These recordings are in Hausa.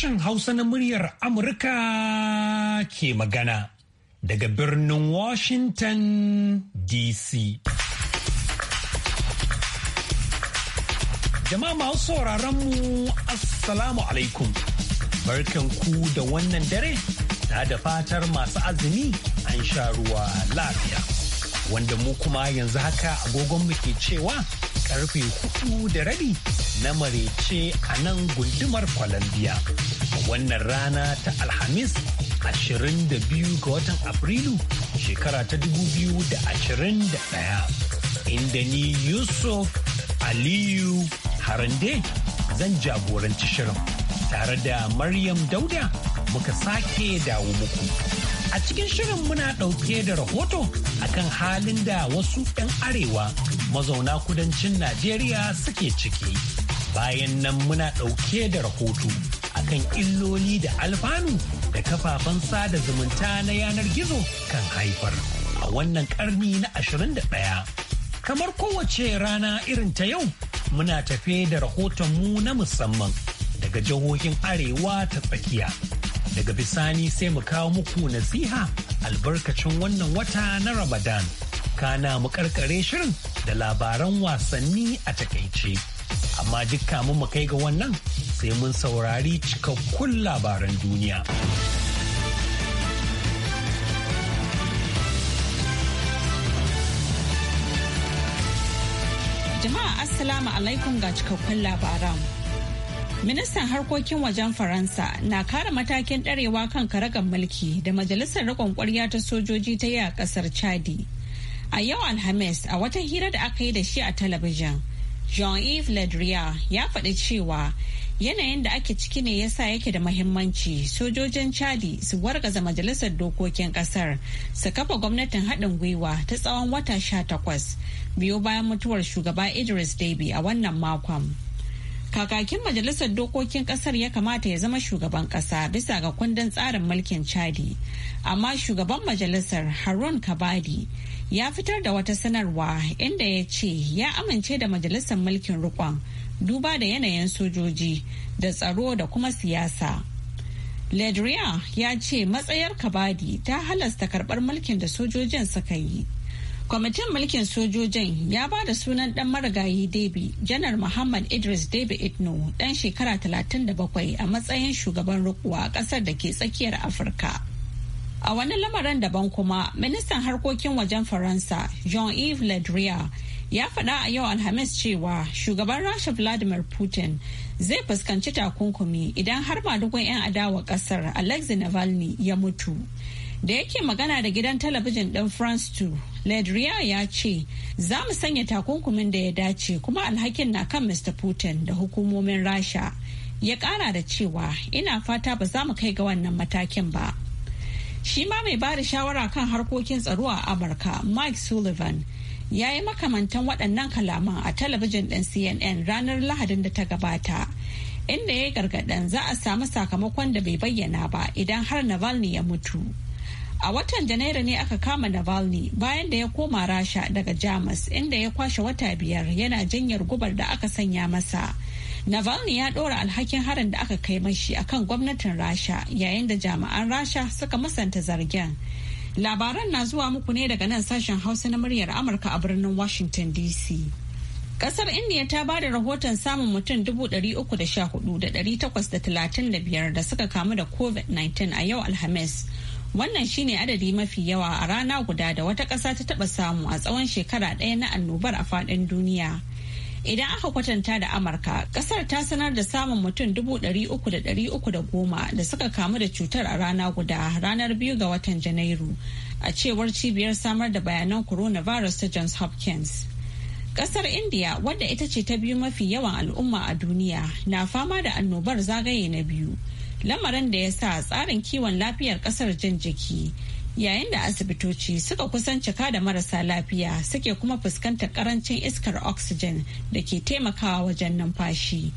Sashen Hausa na muryar Amurka ke magana daga birnin Washington DC. Jama'a masu sauraron mu Assalamu alaikum. Barkan ku da wannan dare, Na da fatar masu azumi an sha ruwa lafiya. wanda mu kuma yanzu haka agogon mu ke cewa karfe hudu da rabi na marece a nan gundumar Colombia. Wannan rana ta Alhamis 22 ga watan Afrilu shekara ta 2021 inda ni Yusuf Aliyu Harande zan jagoranci shirin tare da Maryam Dauda muka sake dawo muku. A cikin shirin muna ɗauke da rahoto akan halin da wasu 'yan arewa mazauna kudancin Najeriya suke ciki. Bayan nan muna ɗauke da rahoto akan illoli da alfanu da kafafen sada zumunta na yanar gizo kan haifar a wannan ƙarni na 21. Kamar kowace rana irin ta yau muna tafe da rahotonmu na musamman daga jihohin arewa ta tsakiya. Daga bisani sai mu kawo muku nasiha albarkacin wannan wata na Ramadan. Kana mu karkare shirin da labaran wasanni a takaice. Amma dukka mu kai ga wannan sai mun saurari cikakkun labaran duniya. Jama'a Assalamu alaikum ga cikakkun labaran. Ministan harkokin wajen Faransa na kare matakin ɗarewa kan karagar mulki da majalisar Rikon ƙwarya ta sojoji ta yi a ƙasar Chadi. A yau Alhamis a wata hira da aka yi da shi a talabijin, Jean-Yves Ledria ya faɗi cewa yanayin da ake ciki ne ya sa yake da mahimmanci sojojin Chadi su wargaza majalisar dokokin ƙasar su kafa gwamnatin haɗin gwiwa ta tsawon wata sha takwas biyo bayan mutuwar shugaba Idris Deby a wannan makon. Kakakin Majalisar Dokokin Kasar ya kamata ya zama shugaban kasa bisa ga kundin tsarin mulkin Chadi. Amma shugaban majalisar Harun Kabadi ya fitar da wata sanarwa inda ya ce ya amince da majalisar mulkin rukon duba da yanayin sojoji da tsaro da kuma siyasa. Ledria ya ce matsayar Kabadi ta halasta karbar mulkin da sojojin suka yi. kwamitin mulkin sojojin ya ba da sunan dan marigayi debi janar muhammad idris debi idno dan shekara 37 a matsayin shugaban rukuwa a kasar da ke tsakiyar afirka a wani lamarin daban kuma ministan harkokin wajen faransa jean-yves le drian ya faɗa a yau alhamis cewa shugaban rasha vladimir putin zai fuskanci takunkumi idan har madugun 'yan adawa ƙasar alexei navalny ya mutu da yake magana da gidan talabijin ɗin france 2 ledria ya ce za mu sanya takunkumin da ya dace kuma alhakin na kan mr putin da hukumomin rasha ya kara da cewa ina fata ba za mu kai ga wannan matakin ba shi ma mai bada shawara kan harkokin tsaro a amurka mike sullivan ya yi makamantan waɗannan kalaman a talabijin ɗin cnn ranar lahadin da ta gabata inda ya yi gargaɗin za a samu sakamakon da bai bayyana ba idan har navalny ya mutu. A watan Janairu ne aka kama Navalny bayan da ya koma Rasha daga Jamus inda ya kwashe wata biyar yana jinyar gubar da aka sanya masa. Navalny ya ɗora alhakin harin da aka kai mashi akan gwamnatin Rasha yayin da jami'an Rasha suka musanta zargen. Labaran na zuwa muku ne daga nan sashen Hausa na muryar Amurka a birnin Washington DC. Kasar indiya ta ba da rahoton samun mutum 314,835 da suka kamu da COVID-19 a yau Alhamis. Wannan shine adadi mafi yawa a rana guda da wata ƙasa ta taɓa samu a tsawon shekara ɗaya na annobar a faɗin duniya. Idan aka kwatanta da Amurka, ƙasar ta sanar da samun mutum dubu ɗari uku da ɗari uku da goma da suka kamu da cutar a rana guda ranar biyu ga watan Janairu, a cewar cibiyar samar da bayanan coronavirus ta Johns Hopkins. ƙasar India wadda ita ce ta biyu mafi yawan al'umma a duniya na fama da annobar zagaye na biyu lamarin da ya sa tsarin kiwon lafiyar kasar jin jiki yayin da asibitoci suka kusan cika da marasa lafiya suke kuma fuskantar karancin iskar oxygen da ke taimakawa wajen numfashi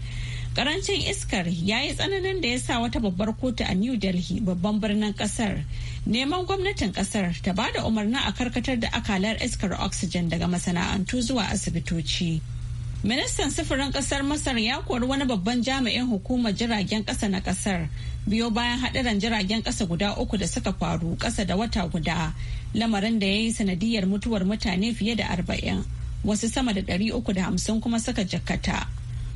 karancin iskar ya yi tsananin da ya sa wata babbar kotu a new delhi babban birnin kasar neman gwamnatin kasar ta ba da umarni a karkatar da akalar iskar oxygen daga masana'antu zuwa asibitoci Ministan sufurin kasar Masar ya kori wani babban jami'in hukumar jiragen kasa na kasar biyo bayan haɗarin jiragen kasa guda uku da suka faru kasa da wata guda lamarin da ya yi sanadiyar mutuwar mutane fiye da arba'in wasu sama da ɗari uku da hamsin kuma suka jakata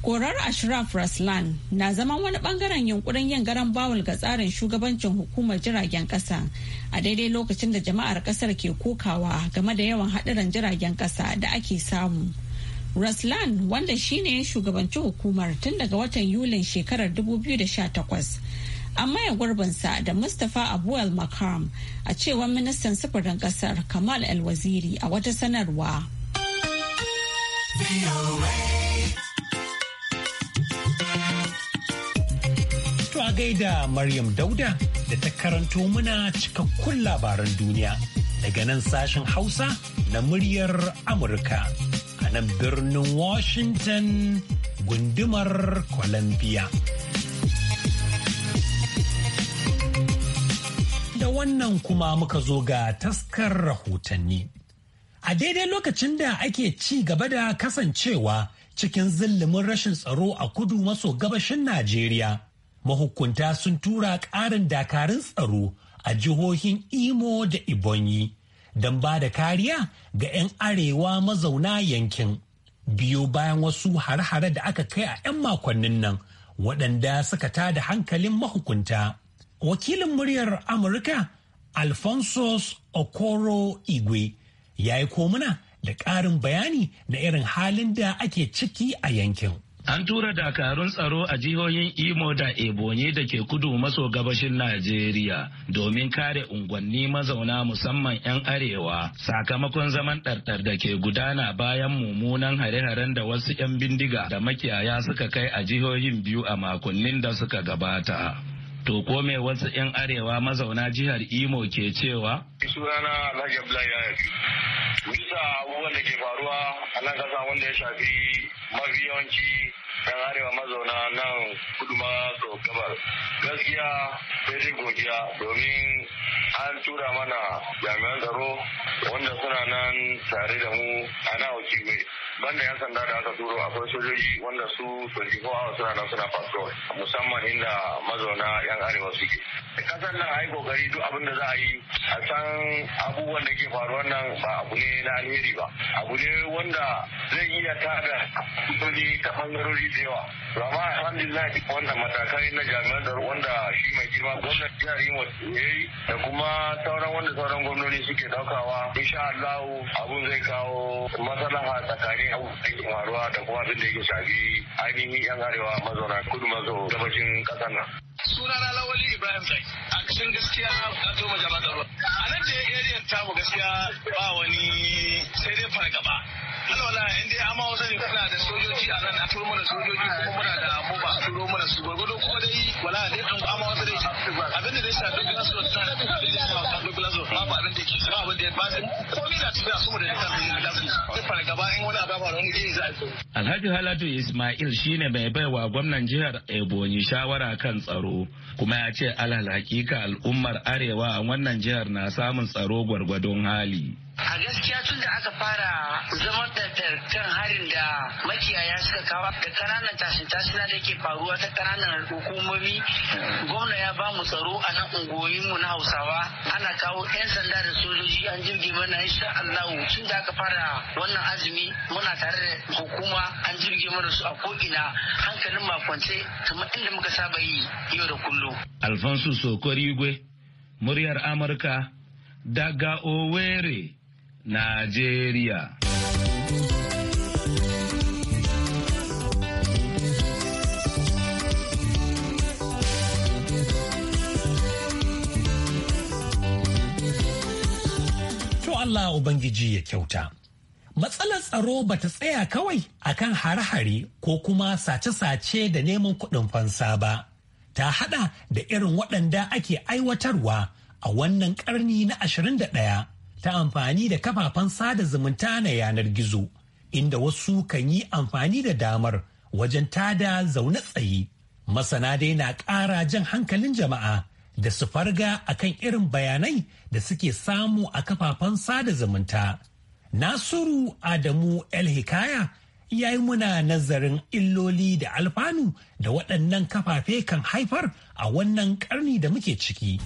Korar Ashraf Raslan na zaman wani bangaren yunkurin yin garan bawul ga tsarin shugabancin hukumar jiragen kasa a daidai lokacin da jama'ar kasar ke kokawa game da yawan haɗarin jiragen kasa da ake samu. Raslan wanda shine shugabanci hukumar tun daga watan Yulin shekarar 2018. An maye gurbinsa da Mustapha Abuel Makam a cewar ministan sufurin kasar Kamal El-Waziri a wata sanarwa. To a gaida Maryam Dauda da ta karanto muna cikakkun labaran duniya daga nan sashen Hausa na muryar Amurka. nan birnin Washington gundumar Columbia. Da wannan kuma muka zo ga taskar rahotanni. A daidai lokacin da ake ci gaba da kasancewa cikin zillimin rashin tsaro a kudu maso gabashin Najeriya, mahukunta sun tura ƙarin dakarun tsaro a jihohin Imo da Ibonyi don ba da kariya ga 'yan arewa mazauna yankin biyo bayan wasu har hare da aka kai a 'yan makonnin nan waɗanda suka tada hankalin mahukunta wakilin muryar amurka alphonsus okoro igwe ya yi komuna da ƙarin bayani na irin halin da ake ciki a yankin An tura dakarun tsaro a jihohin Imo da Ebonyi da ke kudu maso gabashin Najeriya domin kare unguwanni mazauna musamman 'yan arewa sakamakon zaman ɗarɗar da ke gudana bayan mummunan hare-haren da wasu 'yan bindiga da makiyaya suka kai a jihohin biyu a makonnin da suka gabata. To ko me wasu 'yan arewa mazauna jihar Imo ke cewa? Sunana Alhaji Abdullahi Yahya. Bisa abubuwan da ke faruwa a nan kasa wanda ya shafi mafi yawanci yan arewa mazauna nan kudu ma gabar. Gaskiya sai dai godiya domin an tura mana jami'an tsaro wanda suna nan tare da mu a na Okiwe. banda yan sanda da aka turo akwai sojoji wanda su 24 hours suna nan suna patrol musamman inda mazauna yan arewa suke kasar nan a yi kokari duk abin da za a yi a san abubuwan da ke faruwa nan ba abu ne na alheri ba abu ne wanda zai iya tada kudi ta bangarori da yawa amma alhamdulillah wanda matakai na jami'an tsaro wanda shi mai girma gwamnati jihar imo ya yi da kuma sauran wanda sauran gwamnoni suke daukawa insha Allah abun zai kawo maslaha tsakanin abubuwan da ke faruwa da kuma abin da yake shafi ainihin yan arewa mazauna kudu maso gabashin kasar nan. suna na lawali ibrahim zai a cikin gaskiya a zo majama tsaro a nan da area tamu gaskiya ba wani sai dai fargaba alwala in dai amma wasan tana da sojoji a nan a turo mana sojoji kuma muna da mu ba turo mana su gwargwado kuma dai wala dai an amma wasu dai Alhaji Halatu Ismail shine mai baiwa gwamnan jihar Ebonyi shawara kan tsaro kuma ya ce alal hakika al'ummar arewa a wannan jihar na samun tsaro gwargwadon hali. a gaskiya tun da aka fara zaman da kan harin da makiyaya suka kawo da kananan tashin-tashina da ke faruwa ta kananan hukumomi gwamna ya ba mu tsaro a nan ungoyinmu na hausawa ana kawo 'yan sanda da sojoji an jirgi mana insha allahu tun da aka fara wannan azumi muna tare da hukuma an jirgi mana su a ko'ina hankalin makwance kamar inda muka saba yi yau da kullum. Alfonso igwe muryar Amurka, daga Owerri. Najeriya. To Allah Ubangiji ya kyauta. Matsalar tsaro ba ta tsaya kawai akan hare-hare ko kuma sace-sace da neman kuɗin fansa ba. Ta haɗa da irin waɗanda ake aiwatarwa a wannan ƙarni na 21 ta amfani da kafafen sada zumunta na yanar gizo inda wasu kan yi amfani da damar wajen tada zaune tsaye masana dai na ƙara jan hankalin jama'a da su farga akan irin bayanai da suke samu a kafafen sada zumunta nasiru adamu el hikaya ya yi muna nazarin illoli da alfanu da waɗannan kafafe kan haifar a wannan ƙarni da muke ciki.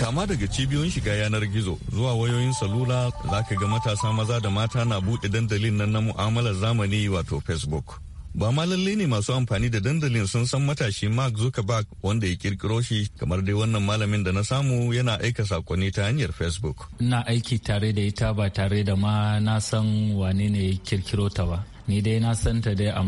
kama daga cibiyoyin shiga yanar gizo zuwa wayoyin salula za ka ga matasa maza da mata na buɗe dandalin nan na mu'amalar zamani wato facebook ba ma lalle ne masu amfani da dandalin sun san matashi mark zuckerberg wanda ya kirkiro shi kamar dai wannan malamin da na samu yana aika sakonni ta hanyar facebook ina aiki tare da ita ba tare da ma na san wane ne ya kirkiro ta ba ni dai na santa dai a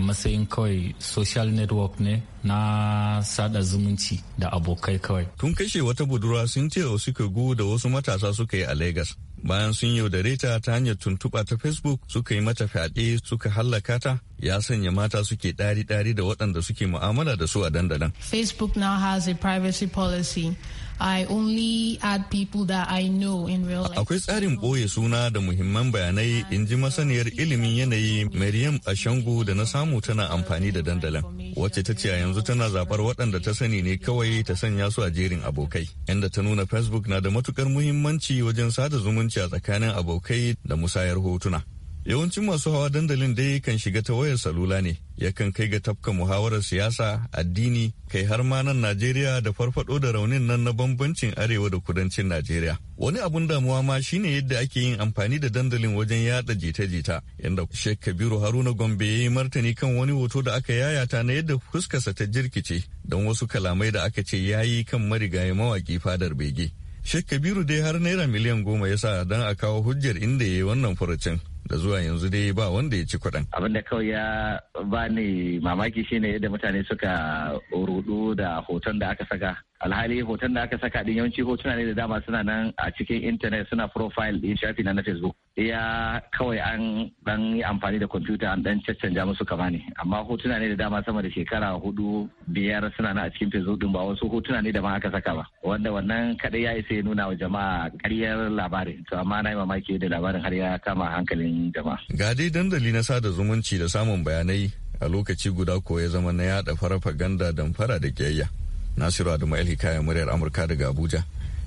matsayin kawai social network ne na sada zumunci da abokai kawai. Tun kashe wata budurwa sun ce suka gu da wasu matasa suka yi a Legas. Bayan sun yaudare ta ta hanyar tuntuɓa ta Facebook suka yi mata fyaɗe suka hallaka ta ya sanya mata suke ɗari-ɗari da waɗanda suke mu'amala da su a dandalin Facebook now has a privacy policy I only add people that I know in real life. Akwai tsarin ɓoye suna da muhimman bayanai in ji masaniyar ilimin yanayi Maryam Ashangu da na samu tana amfani da dandalin. Wacce ta ce a yanzu tana zaɓar waɗanda ta sani ne kawai ta sanya su a jerin abokai. Inda ta nuna Facebook na da matukar muhimmanci wajen sada zumunci a tsakanin abokai da musayar hotuna. Yawancin masu hawa dandalin dai kan shiga ta wayar salula ne, yakan kai ga tafka muhawarar siyasa, addini, kai har ma nan Najeriya da farfado da raunin nan na bambancin arewa da kudancin Najeriya. Wani abun damuwa ma shine yadda ake yin amfani da dandalin wajen yada jita-jita, inda Sheikh Kabiru Haruna Gombe ya yi martani kan wani hoto da aka yayata na yadda fuskarsa ta jirkice don wasu kalamai da aka ce yayi kan marigayi mawaki fadar bege. Shek Kabiru dai har naira miliyan goma ya sa don a kawo hujjar inda ya yi wannan furucin. da zuwa yanzu dai ba wanda ya ci kuɗin. Abin da kawai ya bani mamaki shine yadda mutane suka rudu da hoton da aka saka. Alhali hoton da aka saka din yawanci hotuna ne da dama suna nan a cikin intanet suna profile din shafi na na Facebook. Iya kawai an dan yi amfani da kwamfuta an dan caccanja musu kama ne. Amma hotuna ne da dama sama da shekara hudu biyar suna nan a cikin Facebook din ba wasu hotuna ne da ma aka saka ba. Wanda wannan kaɗai ya isa ya nuna wa jama'a karyar labarin. To amma na yi mamaki da labarin har ya kama hankalin jama'a. Ga dai dandali na sada zumunci da samun bayanai a lokaci guda ko ya zama na yada ganda damfara da kiyayya. Nasiru Adamu kayan muryar Amurka daga Abuja,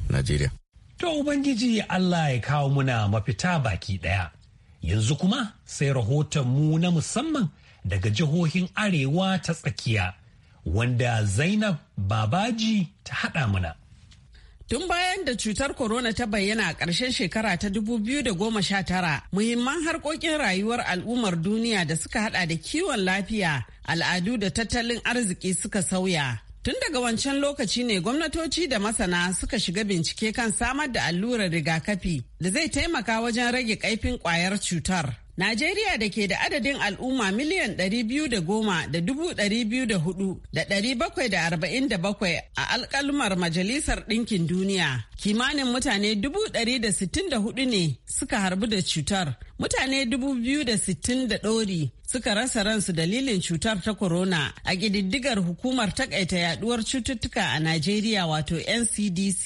Najeriya. To Ubangiji Allah ya kawo muna mafita baki ɗaya. Yanzu kuma sai rahoton mu na musamman daga jihohin Arewa ta tsakiya wanda Zainab Babaji ta haɗa muna. Tun bayan da cutar corona ta bayyana a ƙarshen shekara ta 2019, muhimman harkokin rayuwar al'ummar duniya da suka hada da kiwon lafiya, al'adu da tattalin arziki suka sauya. Tun daga wancan lokaci ne gwamnatoci da masana suka shiga bincike kan samar da allurar rigakafi da zai taimaka wajen rage kaifin kwayar cutar. Najeriya da ke da adadin al'umma miliyan da 210,204,747 a alkalmar Majalisar Ɗinkin Duniya, kimanin mutane 164 ne suka harbu da cutar, mutane 260 da ɗori suka rasa ransu dalilin cutar ta corona a ƙididdigar hukumar takaita yaduwar cututtuka a Najeriya wato NCDC.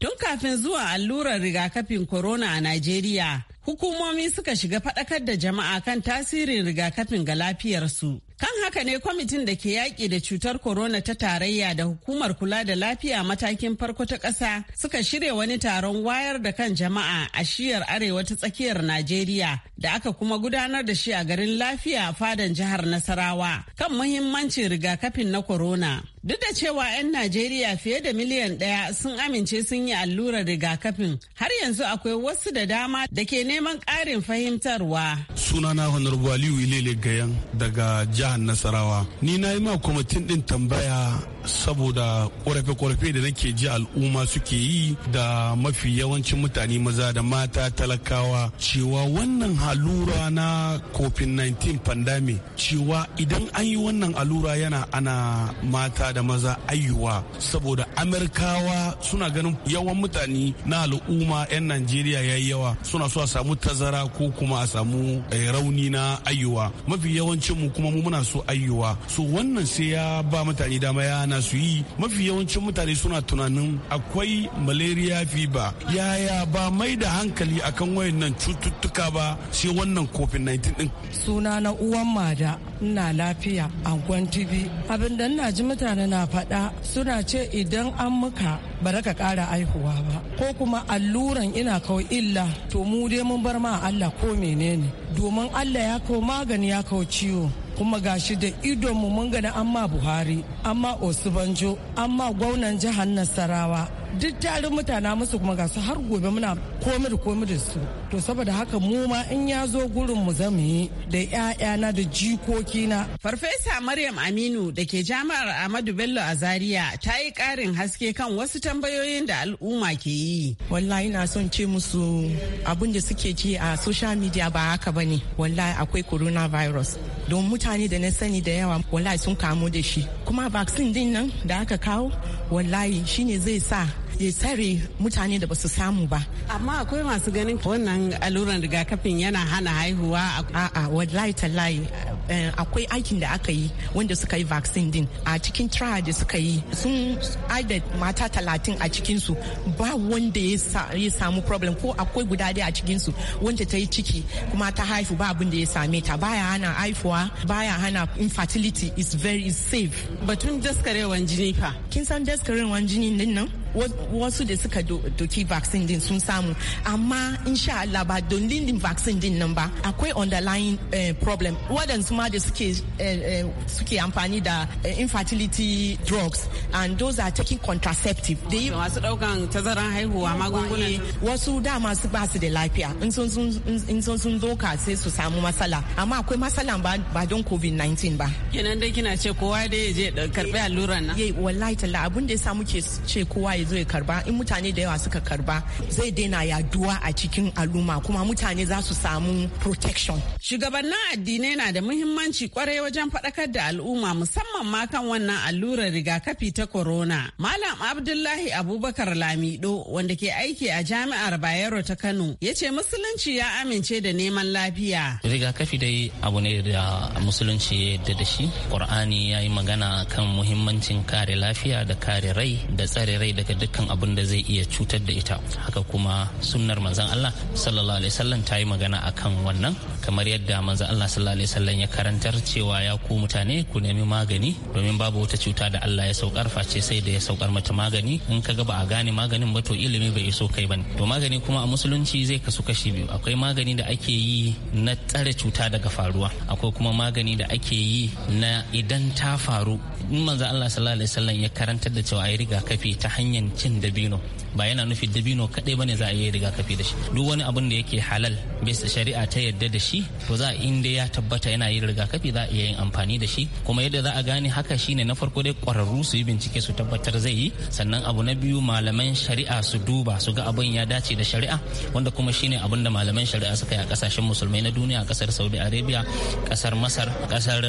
Tun kafin zuwa allurar rigakafin corona a Najeriya, Hukumomi suka shiga faɗakar da jama'a kan tasirin rigakafin ga lafiyarsu. Kan haka ne kwamitin da ke yaƙi da cutar korona ta tarayya da hukumar kula da lafiya matakin farko ta ƙasa suka shirya wani taron wayar da kan jama'a a shiyar arewa ta tsakiyar Najeriya da aka kuma gudanar da shi a garin lafiya a fadan jihar Nasarawa kan muhimmancin rigakafin na korona Duk da cewa 'yan Najeriya fiye da miliyan ɗaya sun amince sun yi allurar rigakafin har yanzu akwai wasu da dama da ke neman ƙarin fahimtarwa. Sunana Honorable Aliyu Ilele Gayan daga jihar Nasarawa. Ni na yi ma kwamitin ɗin tambaya saboda ƙorafe-ƙorafe da nake ji al'umma suke yi da mafi yawancin mutane maza da mata talakawa cewa wannan halura na covid-19 pandami cewa idan an yi wannan alura yana ana mata da maza ayyuwa saboda amerikawa suna ganin yawan mutane na al'umma 'yan najeriya ya yi yawa suna so a samu tazara ko kuma a samu eh, rauni na ayyuwa mafi yawancin mu kuma muna so ayyuwa so wannan sai ya ba mutane dama ya na su yi mafi yawancin mutane suna tunanin akwai malaria fever yaya ba mai da hankali akan wayannan cututtuka ba sai wannan covid-19 din suna na uwan mada ina lafiya angon tv abin ina ji mutane na faɗa suna ce idan an muka ba ka ƙara aihuwa ba ko kuma alluran ina kawai illa to mu dai mun bar ma Allah ko menene domin Allah ya kawo magani ya kawo ciwo kuma gashi da idonmu mun gani amma buhari amma osibanjo amma gwamnan jihar nasarawa duk tarin mutana musu kuma gasu har gobe muna komi da komi da su to saboda haka mu ma in ya zo gurin mu zamu yi da 'ya'yana da jikoki na. Farfesa Maryam Aminu da ke jami'ar Ahmadu Bello a Zaria ta yi ƙarin haske kan wasu tambayoyin da al'umma ke yi. Wallahi na son ce musu abin da suke ji a social media ba haka ba ne. Wallahi akwai coronavirus. Don mutane da na sani da yawa wallahi sun kamu da shi. Kuma vaccine din nan da aka kawo wallahi shine zai sa bai tsare mutane da basu samu ba amma akwai masu ganin wannan alluran rigakafin yana hana haihuwa a'a wallahi tallahi eh, akwai aikin da aka yi wanda suka yi vaccine din a cikin trial da suka yi sun aida mata talatin a cikinsu ba wanda ya samu problem ko akwai guda daya a cikinsu wanda ta yi ciki kuma ta haifu ba abin da ya same ta baya hana haifuwa baya hana infertility is very safe batun daskarewan jini fa kin san daskarewan jini din nan wasu da suka doki vaccine din sun samu amma insha Allah ba don lindin vaccine din nan ba akwai underlying eh, problem waɗansu ma da suke eh, eh, amfani da infertility drugs and those are taking contraceptive da wasu daukan tazaran haihuwa magungunan wasu dama su ba su da lafiya in sun sun doka sai su samu matsala amma akwai matsala ba don covid-19 ba kenan dai kina ce kowa dai ya je karbi alluran nan wallahi talla abun da ya samu ke ce kowa ya zo ya karba in mutane da yawa suka karba zai daina yaduwa a cikin al'umma kuma mutane za su samu protection shugabannin addinai na da muhimmanci kwarai wajen faɗakar da al'umma musamman ma kan wannan allurar rigakafi ta corona malam abdullahi abubakar lamido wanda ke aiki a jami'ar bayero ta kano ya ce musulunci ya amince da neman lafiya rigakafi dai abu ne da musulunci ya da shi ƙur'ani ya yi magana kan muhimmancin kare lafiya da kare rai da tsare rai daga da dukkan abin da zai iya cutar da ita haka kuma sunnar manzan Allah sallallahu alaihi wasallam ta yi magana akan wannan kamar yadda manzan Allah sallallahu alaihi wasallam ya karantar cewa ya ku mutane ku nemi magani domin babu wata cuta da Allah ya saukar face sai da ya saukar mata magani in ka ga ba a gane maganin ba to ilimi bai iso kai bane to magani kuma a musulunci zai kasu kashi biyu akwai magani da ake yi na tsare cuta daga faruwa akwai kuma magani da ake yi na idan ta faru in manzan Allah sallallahu alaihi wasallam ya karantar da cewa ai rigakafi ta hanyar yin cin dabino ba yana nufi dabino kaɗai bane za a yi rigakafi da shi duk wani abin da yake halal bisa shari'a ta yadda da shi to za in da ya tabbata yana yin rigakafi za a iya yin amfani da shi kuma yadda za a gane haka shine na farko dai kwararru su yi bincike su tabbatar zai yi sannan abu na biyu malaman shari'a su duba su ga abin ya dace da shari'a wanda kuma shine abin da malaman shari'a suka yi a kasashen musulmai na duniya a kasar saudi arabia kasar masar kasar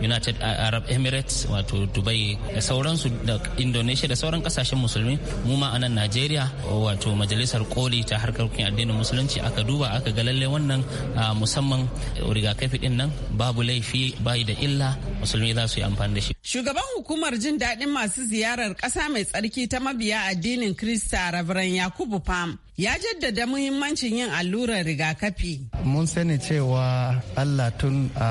united arab emirates wato dubai da sauransu da indonesia da sauran kasashen musulmai musulmi mu ma a nan najeriya wato majalisar koli ta harkar kin addinin musulunci aka duba aka ga lalle wannan musamman rigakafi din nan babu laifi bayi da illa musulmi za su yi amfani da shi shugaban hukumar jin daɗin masu ziyarar ƙasa mai tsarki ta mabiya addinin krista rabaran yakubu pam ya jaddada muhimmancin yin allurar rigakafi mun sani cewa allah tun a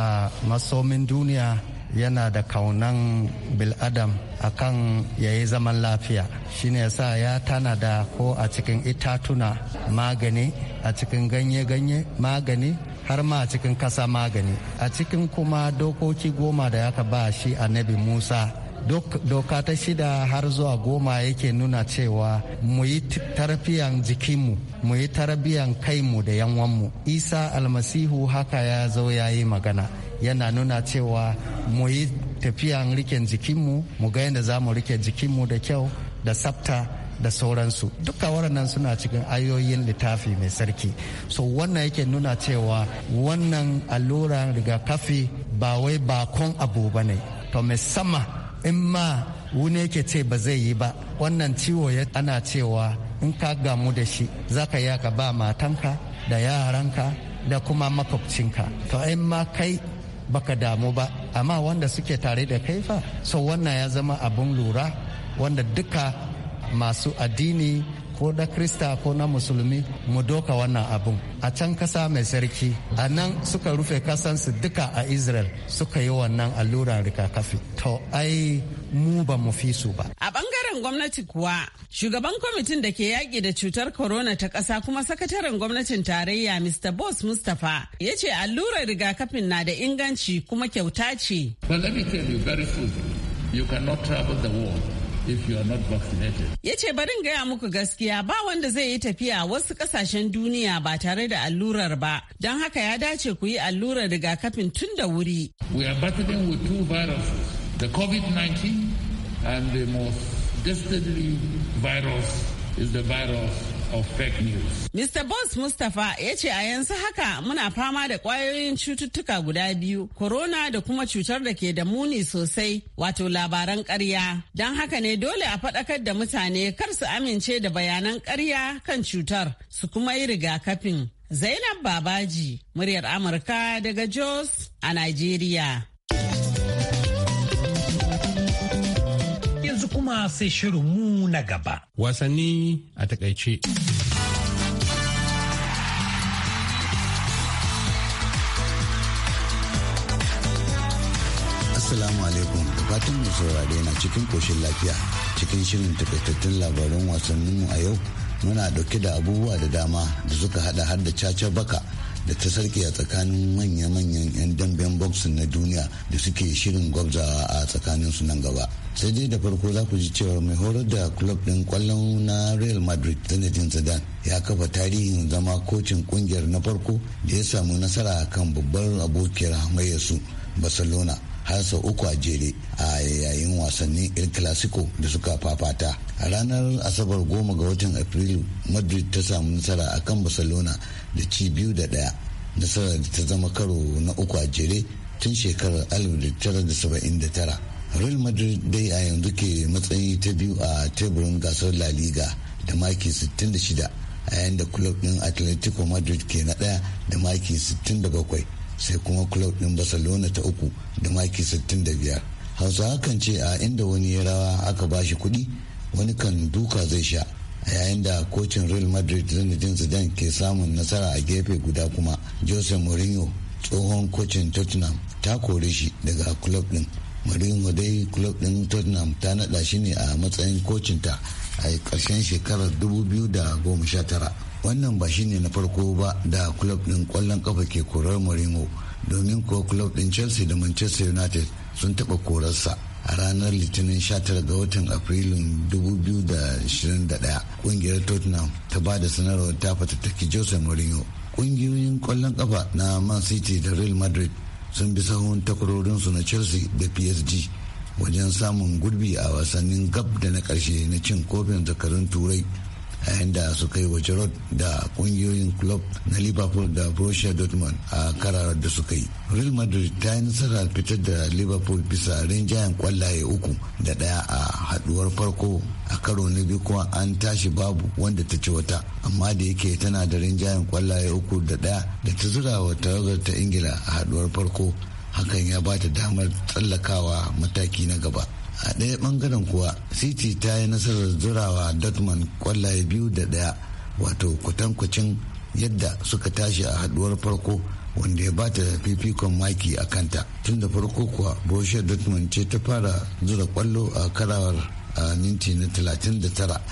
masomin duniya yana da kaunan biladam akan ya yi zaman lafiya ne yasa ya tana da ko a cikin itatuna magani a cikin ganye-ganye magani har ma a cikin kasa magani a cikin kuma dokoki goma da ya ba shi a nabi musa doka ta shida har zuwa goma yake nuna cewa mu yi tarbiyan jikinmu mu yi tarbiyan mu da yanwanmu isa almasihu haka ya zo ya yi magana yana nuna cewa mu yi tafiyan riken jikinmu mu ga yadda za mu rike jikinmu da kyau da tsafta da sauransu duka waɗannan suna cikin ayoyin littafi mai sarki so wannan yake nuna cewa wannan alluran rigakafi ba wai bakon abu ba ne to sama in ma wuni yake ce ba zai yi ba wannan ciwo ya ana cewa in ka gamu da shi za ka yi ba matanka da yaranka da kuma makwabcinka to in ma kai baka damu ba amma wanda suke tare da kai fa so wannan ya zama abin lura wanda duka masu addini ko na krista ko na musulmi mu doka wannan abun a can kasa mai sarki a nan suka rufe kasansu duka a israel suka yi wannan alluran rigakafi to ai mu ba mu fi su ba sakataren gwamnati kuwa, shugaban kwamitin da ke yaƙi da cutar corona ta ƙasa kuma sakataren gwamnatin tarayya Mr. Boss Mustapha ya ce allurar rigakafin na da inganci kuma kyauta ce. Ya ce barin gaya muku gaskiya ba wanda zai yi tafiya wasu kasashen duniya ba tare da allurar ba, don haka ya dace ku yi allurar rigakafin tun da wuri. We are battling with two viruses, the COVID-19 and the Dastardly virus is the virus of fake news. Mr. Boss Mustapha ya ce a yanzu haka muna fama da kwayoyin cututtuka guda biyu, corona da kuma cutar da ke da muni sosai wato labaran ƙarya. Don haka ne dole a faɗakar da mutane kar su amince da bayanan ƙarya kan cutar su kuma yi rigakafin. Zainab Babaji, muryar Amurka daga Jos a Nigeria. kuma sai mu na gaba. Wasanni a takaice. Assalamu alaikum da fatan mu saurare na cikin koshin lafiya cikin shirin takaitattun labarin wasanninmu a yau muna dauke da abubuwa da dama da suka hada har da caca baka da ta sarki a tsakanin manya-manyan 'yan damben boxing na duniya da suke shirin gwabzawa a tsakanin su nan gaba sai dai da farko za ku ji cewa mai horar da club din kwallon na real madrid zanadin zidane ya kafa tarihin zama kocin kungiyar na farko da ya samu nasara kan babbar abokiyar hamayyarsu barcelona har sau uku a jere a yayin wasannin el clasico da suka fafata a ranar asabar goma ga watan afrilu madrid ta samu nasara a kan barcelona da ci biyu da daya nasarar da ta zama karo na uku a jere tun shekarar 1979 real madrid dai a yanzu ke matsayi ta biyu a teburin gasar la liga da maki 66 a yayin da club din atletico madrid ke na daya da maki 67 sai kuma club din barcelona ta uku da maki 65 hausa hakan ce a inda wani ya rawa aka bashi kuɗi wani kan duka zai sha a yayin da kocin real madrid zinedine zidane ke samun nasara a gefe guda kuma jose mourinho tsohon kocin tottenham ta kore shi daga club din mourinho dai club din tottenham ta naɗa shi ne a matsayin kocinta a ƙarshen shekarar 2019 wannan ba shine na farko ba da kulob ɗin kwallon ƙafa ke korar Mourinho domin kuwa kulob ɗin Chelsea da Manchester United sun taɓa korarsa a ranar litinin 19 ga watan afrilun 2021 ƙungiyar tottenham ta ba da sanarwar ta fatattaki jose mourinho ƙungiyoyin kwallon kafa na man city da real madrid sun bi sahun takwarorinsu na chelsea da psg wajen samun gurbi a wasannin gab da na karshe na cin kofin zakarun turai a yadda suka yi wace rod da kungiyoyin club na liverpool da borussia dortmund a kararar da suka yi real madrid ta yi nasara fitar da liverpool bisa rinjayen kwallaye uku da daya a haduwar farko a karo na biyu kuma an tashi babu wanda ta ci wata amma da yake tana da rinjayen kwallaye uku da daya da ta zura wa tawagar ta ingila a haduwar farko hakan ya ba ta damar tsallakawa mataki na gaba a ɗaya ɓangaren kuwa city ta yi nasarar zurawa dortmund kwallaye biyu da ɗaya wato kwatankwacin yadda suka tashi a haduwar farko wanda ya bata da fifikon maki a kanta tun da farko kuwa borussia dortmund ce ta fara zura kwallo a karawar a minti na 39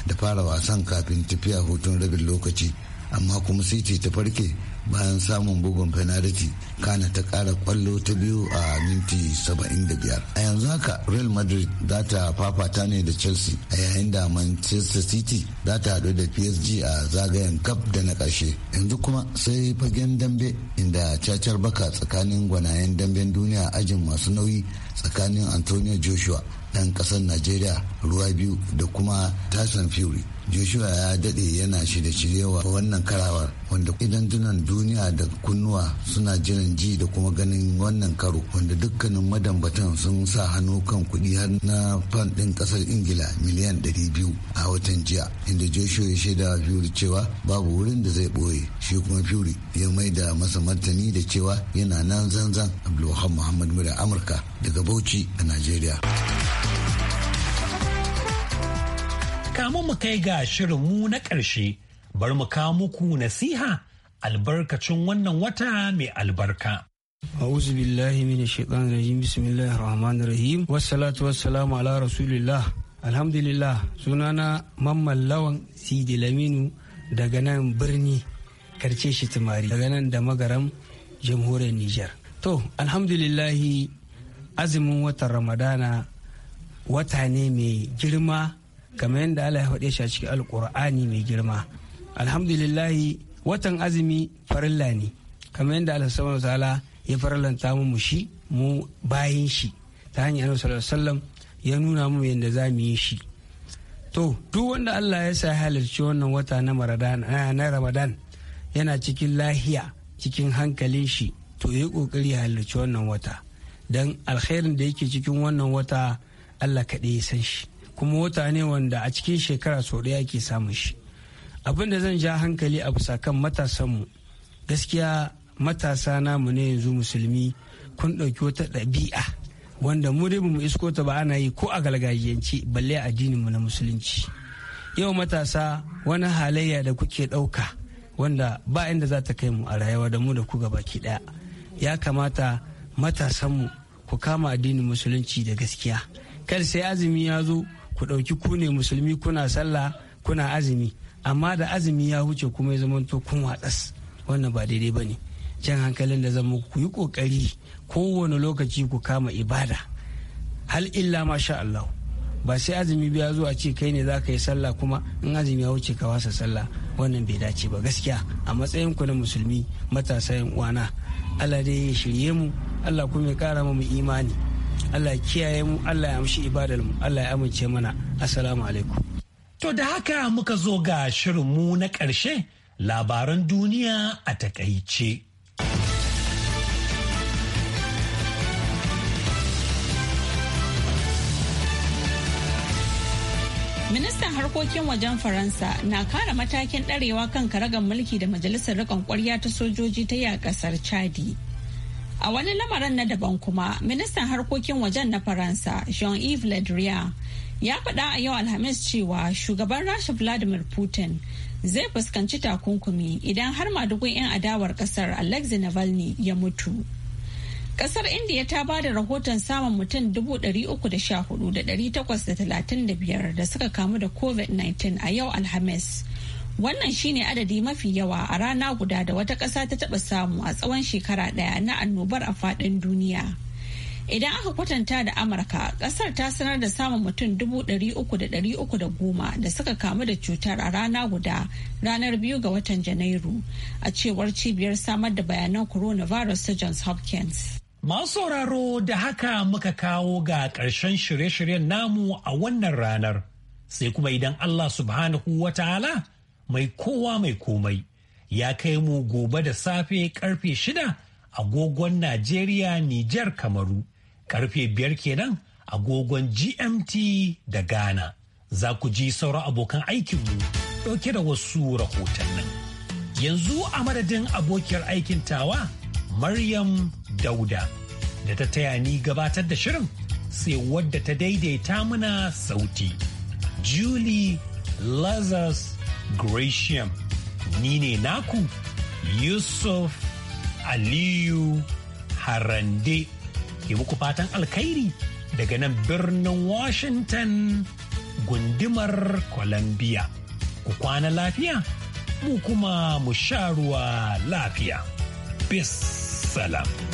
da fara wasan kafin tafiya hutun rabin lokaci amma kuma city ta farke bayan samun bugun fenalti kana ta kara kwallo ta biyu a minti 75 a yanzu haka real madrid za ta fafata ne da chelsea a yayin da manchester city za ta haɗu da psg a zagayen cup da na ƙarshe yanzu kuma sai fagen dambe inda cacar baka tsakanin gwanayen damben duniya ajin masu nauyi tsakanin antonio joshua ɗan ƙasar nigeria ruwa biyu da kuma tyson fury joshua ya daɗe yana shirye shiryewa wannan karawar wanda idan tunan duniya da kunnuwa suna jiran ji da kuma ganin wannan karo wanda dukkanin madambatan sun sa hannu kan kuɗi har na fan ɗin ƙasar ingila miliyan 200 a watan jiya inda joshua ya shaida fury cewa babu wurin da zai ɓoye shi kuma fury ya mai da masa martani da cewa yana nan zanzan abdulwahab muhammad mura amurka daga bauchi a najeriya kamun mu kai ga shirinmu na ƙarshe bar mu kawo muku nasiha albarkacin wannan wata mai albarka. أعوذ بالله من الشيطان الرجيم بسم الله الرحمن الرحيم والصلاة والسلام على رسول الله Mamman Lawan, Sidi Laminu, daga nan birni karce shi tumari daga nan da magaram jamhuriyar Nijar. To, alhamdulillahi azumin watan Ramadana wata ne mai girma kamar yadda Allah ya faɗe shi a cikin alkur'ani mai girma alhamdulillahi watan azumi farilla ne kamar yadda Allah subhanahu ya farallanta mu shi mu bayan shi ta hanyar Annabi sallallahu alaihi ya nuna mu yadda za mu yi shi to duk wanda Allah ya sa halarci wannan wata eh, na Ramadan yana cikin lahiya cikin hankalin shi to yi kokari halarci wannan wata don alkhairin da yake cikin wannan wata Allah kaɗai ya san shi kuma wata ne wanda a cikin shekara sau ɗaya ke samun shi abin da zan ja hankali a bisa kan matasanmu gaskiya matasa namu ne yanzu musulmi kun ɗauki wata ɗabi'a wanda mu dai mu isko ta ba ana yi ko a gargajiyance balle addinin mu na musulunci yau matasa wani halayya da kuke ɗauka wanda ba inda za ta kai mu a rayuwa da mu da ku gaba ki ɗaya ya kamata matasanmu ku kama addinin musulunci da gaskiya kar sai azumi ya zo ku ɗauki ku ne musulmi kuna sallah kuna azumi amma da azumi ya wuce kuma ya zamanto kun watsas wannan ba daidai ba ne jan hankalin da zama ku yi ƙoƙari kowane lokaci ku kama ibada hal illa masha Allah ba sai azumi zo a ce kai ne za ka yi sallah kuma in azumi ya wuce ka wasa sallah wannan bai dace ba gaskiya a matsayin ku na musulmi matasa yan uwana Allah dai ya shirye mu Allah kuma ya kara mu imani Allah ya kiyaye mu Allah ya amshi ibadar mu Allah ya amince mana assalamu alaikum to da haka muka zo ga shirin mu na ƙarshe labaran duniya a takaice Ministan harkokin wajen Faransa na kara matakin ɗarewa kan karagar mulki da majalisar rikon ƙwarya ta sojoji ta yi a ƙasar Chadi. A wani lamarin na daban kuma, ministan harkokin wajen na Faransa, Jean-Yves Le Drian, ya faɗa a yau Alhamis cewa shugaban Rasha Vladimir Putin zai fuskanci takunkumi idan har madugun 'yan adawar ƙasar Alexei Navalny ya mutu. Ƙasar India ta ba da rahoton samun mutum 314,835 da suka kamu da COVID-19 a yau Alhamis, Wannan shine adadi mafi yawa a rana guda da wata ƙasa ta taɓa samu a tsawon shekara ɗaya na annobar a faɗin duniya. Idan aka kwatanta da Amurka, ƙasar ta sanar da samun mutum dubu ɗari uku da ɗari uku da goma da suka kamu da cutar a rana guda ranar biyu ga watan Janairu, a cewar cibiyar samar da bayanan coronavirus ta Johns Hopkins. Masu sauraro da haka muka kawo ga ƙarshen shirye-shiryen namu a wannan ranar, sai kuma idan Allah subhanahu wa ta'ala mai kowa mai komai ya kai mu gobe da safe karfe shida agogon Najeriya Nijar Kamaru karfe biyar kenan agogon GMT da Ghana. Za ku ji sauran abokan aikinmu ɗauke da wasu rahoton nan. Yanzu a madadin abokiyar aikin tawa Maryam Dauda da ta taya ni gabatar da shirin sai wadda ta daidaita mana sauti. Julie Lazarus gratium ni ne naku yusuf aliyu harande ke muku fatan alkhairi daga nan birnin washington gundumar columbia ku kwana lafiya mu kuma mu sha ruwa lafiya bis salam